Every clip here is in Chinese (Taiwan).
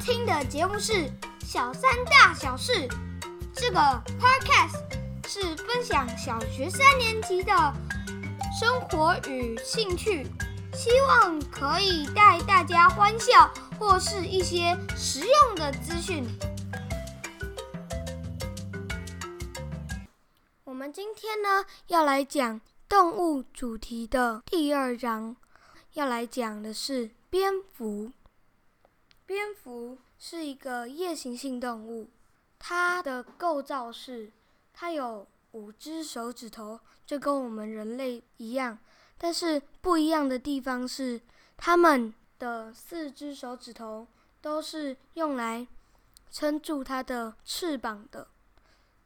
聽的節目是《小三大小事》，這個 podcast 是分享小學三年級的生活與興趣，希望可以帶大家歡笑或是一些實用的資訊。我們今天呢，要來講動物主題的第二章，要來講的是蝙蝠。蝙蝠是一個夜行性動物，它的構造是它有五隻手指頭，就跟我們人類一樣，但是不一樣的地方是，它們的四隻手指頭都是用來撐住它的翅膀的，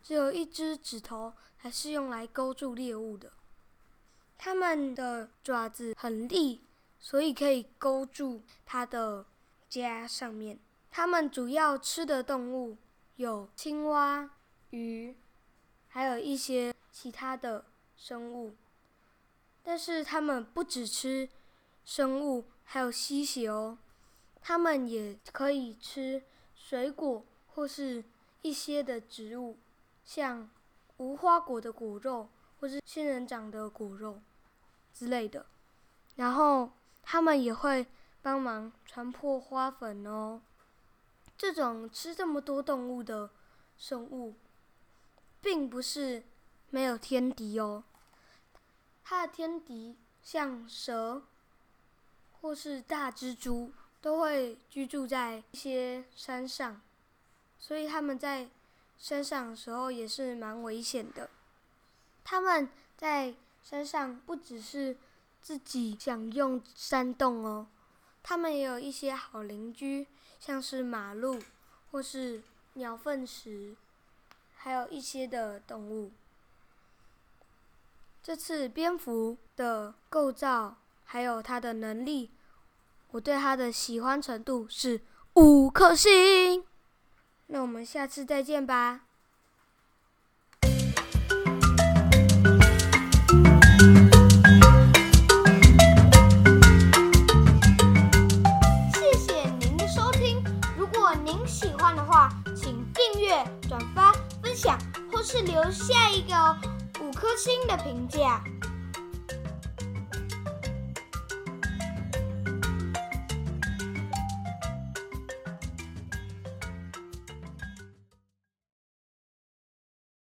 只有一隻指頭還是用來勾住獵物的。它們的爪子很利，所以可以勾住它的。家上面，他們主要吃的動物有青蛙、魚，還有一些其他的生物。但是他們不只吃生物，還有吸血哦。他們也可以吃水果，或是一些的植物，像無花果的果肉，或是仙人掌的果肉之類的。然後他們也會。幫忙傳播花粉哦。這種吃這麼多動物的生物，並不是沒有天敵哦。它的天敵像蛇，或是大蜘蛛，都會居住在一些山上，所以它們在山上的時候也是蠻危險的。它們在山上不只是自己享用山洞哦。他們也有一些好鄰居，像是馬路，或是鳥糞石，還有一些的動物。這次蝙蝠的構造，還有它的能力，我對它的喜歡程度是五顆星。那我們下次再見吧。轉發分享，或是留下一個五顆星的評價。